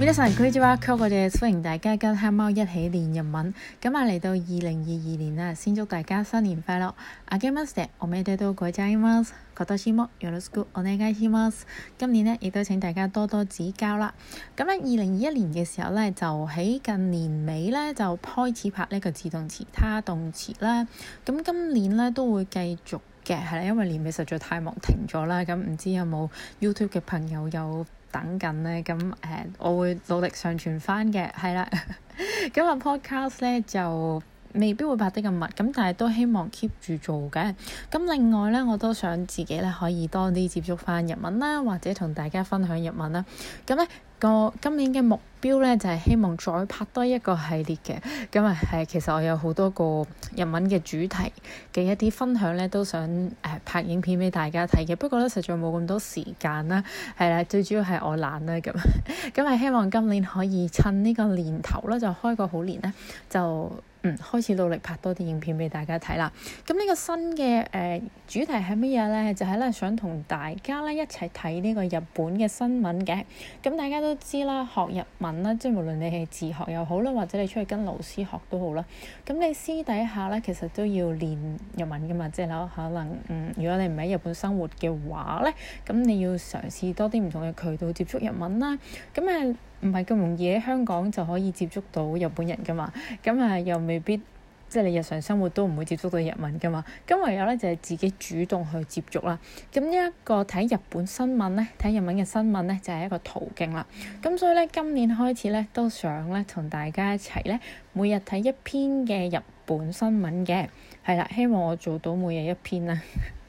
皆さんこんにちは，好歡迎大家跟黑貓一起練日文。咁啊嚟到二零二二年啦，先祝大家新年快樂。あけましておめでとうございます。今年もよろしくお願いします。今年呢，亦都請大家多多指教啦。咁喺二零二一年嘅時候呢，就喺近年尾呢，就開始拍呢個自動詞、他動詞啦。咁今年呢，都會繼續嘅，係啦，因為年尾實在太忙停咗啦。咁、嗯、唔知有冇 YouTube 嘅朋友有？等緊咧，咁誒，uh, 我會努力上傳翻嘅，係啦。咁 個 podcast 咧就未必會拍得咁密，咁但係都希望 keep 住做嘅。咁另外咧，我都想自己咧可以多啲接觸翻日文啦，或者同大家分享日文啦。咁咧。個今年嘅目標咧，就係、是、希望再拍多一個系列嘅，咁啊係，其實我有好多個日文嘅主題嘅一啲分享咧，都想誒、呃、拍影片畀大家睇嘅，不過咧實在冇咁多時間啦，係啦，最主要係我懶啦咁，咁啊 希望今年可以趁呢個年頭啦，就開個好年咧就。嗯，開始努力拍多啲影片畀大家睇啦。咁呢個新嘅誒、呃、主題係乜嘢咧？就係、是、咧想同大家咧一齊睇呢個日本嘅新聞嘅。咁大家都知啦，學日文啦，即係無論你係自學又好啦，或者你出去跟老師學都好啦。咁你私底下咧，其實都要練日文㗎嘛。即係可能嗯，如果你唔喺日本生活嘅話咧，咁你要嘗試多啲唔同嘅渠道接觸日文啦。咁誒。唔係咁容易喺香港就可以接觸到日本人㗎嘛，咁啊，又未必即係、就是、你日常生活都唔會接觸到日文㗎嘛。咁唯有咧就係、是、自己主動去接觸啦。咁呢一個睇日本新聞咧，睇日文嘅新聞咧就係、是、一個途徑啦。咁所以咧今年開始咧都想咧同大家一齊咧每日睇一篇嘅日本新聞嘅係啦，希望我做到每日一篇啦。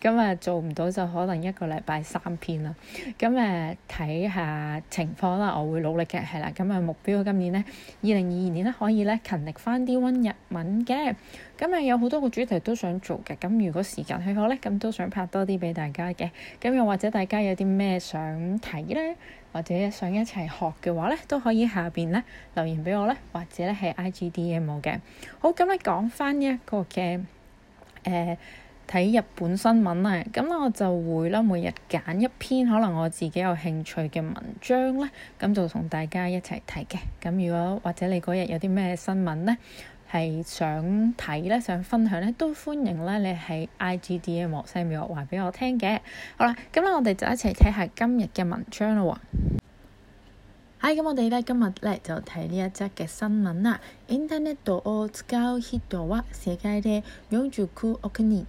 咁啊， 做唔到就可能一個禮拜三篇啦。咁誒，睇下情況啦，我會努力嘅，係啦。咁啊，目標今年咧，二零二二年咧可以咧勤力翻啲溫日文嘅。咁啊，有好多個主題都想做嘅。咁如果時間許可咧，咁都想拍多啲俾大家嘅。咁又或者大家有啲咩想睇咧，或者想一齊學嘅話咧，都可以下邊咧留言俾我咧，或者咧係 I G D M 嘅。好，咁咧講翻一個嘅誒。呃睇日本新聞啊，咁我就會啦。每日揀一篇可能我自己有興趣嘅文章咧，咁就同大家一齊睇嘅。咁如果或者你嗰日有啲咩新聞呢，係想睇咧，想分享咧，都歡迎咧你喺 IGDM 或者咪話埋俾我聽嘅。好啦，咁我哋就一齊睇下今日嘅文章咯喎。哎，咁 我哋咧今日咧就睇呢一則嘅新聞啦。インターネットを使う人は世界で49億人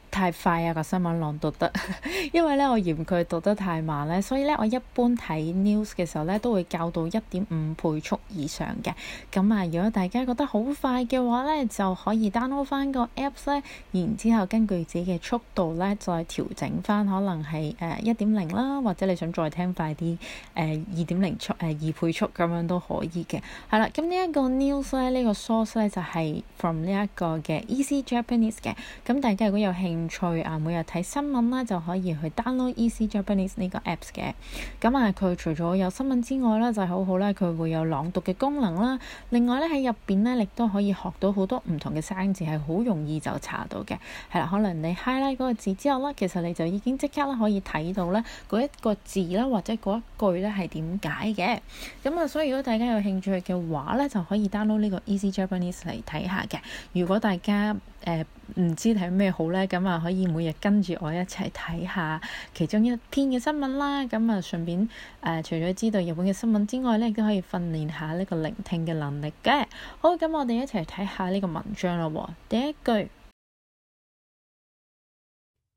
太快啊、那個新聞朗讀得， 因為咧我嫌佢讀得太慢咧，所以咧我一般睇 news 嘅時候咧都會校到一點五倍速以上嘅。咁啊，如果大家覺得好快嘅話咧，就可以 download 翻個 apps 咧，然之後根據自己嘅速度咧再調整翻，可能係誒一點零啦，或者你想再聽快啲誒二點零速誒二倍速咁樣都可以嘅。係 啦，咁呢一個 news 咧呢個 source 咧就係、是、from 呢一個嘅 Easy Japanese 嘅。咁大家如果有興趣，興趣啊！每日睇新聞咧，就可以去 download Easy Japanese 呢個 apps 嘅。咁啊，佢除咗有新聞之外咧，就好好咧，佢會有朗讀嘅功能啦。另外咧，喺入邊咧，亦都可以學到好多唔同嘅生字，係好容易就查到嘅。係啦，可能你 highlight 嗰個字之後咧，其實你就已經即刻咧可以睇到咧嗰一個字啦，或者嗰一句咧係點解嘅。咁啊，所以如果大家有興趣嘅話咧，就可以 download 呢個 Easy Japanese 嚟睇下嘅。如果大家，誒、呃、唔知睇咩好咧，咁啊，可以每日跟住我一齊睇下其中一篇嘅新聞啦。咁啊順便誒、呃，除咗知道日本嘅新聞之外咧，亦都可以訓練下呢個聆聽嘅能力嘅。好，咁我哋一齊睇下呢個文章咯。第一句，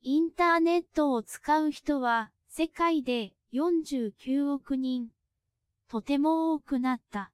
インターネットを使う人は世界で49億人、とても多くなった。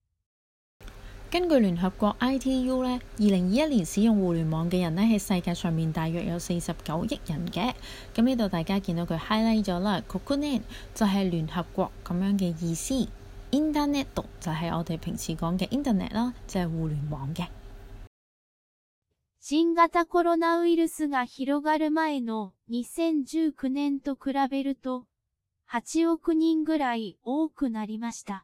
根據聯合國 ITU 呢2021年使用互聯網嘅人呢喺世界上面大約有49億人嘅。咁呢度大家見到佢 highlight 咗啦。國連就係聯合國咁樣嘅意思。internet, 就係我哋平時講嘅 internet 啦，即係互聯網嘅。新型コロナウイルスが広がる前の2019年と比べると、8億人ぐらい多くなりました。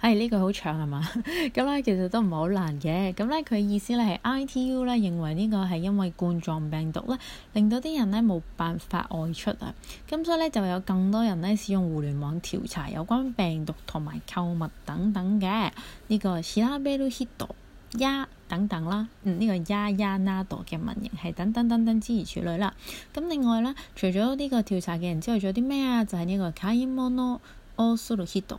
係呢句好長係嘛？咁咧、哎這個、 其實都唔係好難嘅。咁咧佢意思咧係 ITU 咧認為呢個係因為冠狀病毒咧令到啲人咧冇辦法外出啊。咁所以咧就有更多人咧使用互聯網調查有關病毒同埋購物等等嘅呢、這個 Shiraberu Hito 呀等等啦。呢、嗯這個 Ya Ya Nado 嘅文型係等等，等等等等之類處理啦。咁另外咧除咗呢個調查嘅人之外，仲有啲咩啊？就係、是、呢個 Kaimono Osuruhito。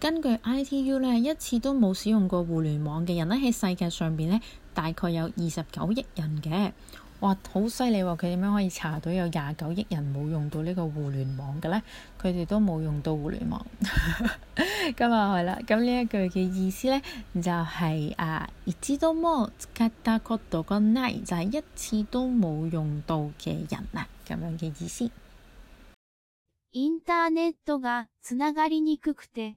根據 ITU 咧，一次都冇使用過互聯網嘅人咧喺世界上邊咧，大概有二十九億人嘅，哇，好犀利喎！佢點樣可以查到有廿九億人冇用到呢個互聯網嘅咧？佢哋都冇用到互聯網，咁 啊、嗯，係啦，咁呢一句嘅意思咧就係啊知道 a m o k a 就係一次都冇用到嘅人啊，咁、就、嘅、是、意思。インターネットがつがりにくくて。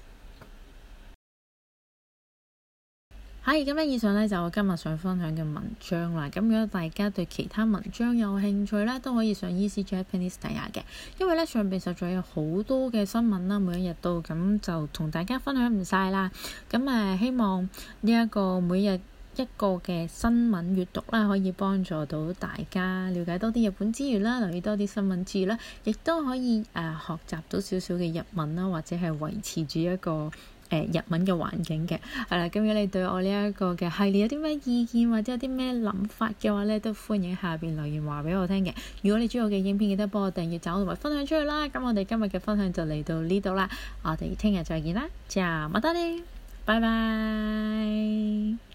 係咁樣以上咧，就我今日想分享嘅文章啦。咁如果大家對其他文章有興趣咧，都可以上 Easy Japanese 睇下嘅。因為咧上邊實在有好多嘅新聞啦，每一日都咁就同大家分享唔晒啦。咁誒希望呢一個每日一個嘅新聞閱讀啦，可以幫助到大家了解多啲日本之餘啦，留意多啲新聞之餘啦，亦都可以誒學習到少少嘅日文啦，或者係維持住一個。誒、呃、日文嘅環境嘅，係、嗯、啦。咁如果你對我呢一個嘅系列有啲咩意見或者有啲咩諗法嘅話咧，都歡迎下邊留言話俾我聽嘅。如果你中意我嘅影片，記得幫我訂閱、找同埋分享出去啦。咁我哋今日嘅分享就嚟到呢度啦，我哋聽日再見啦，就麥得你，拜拜。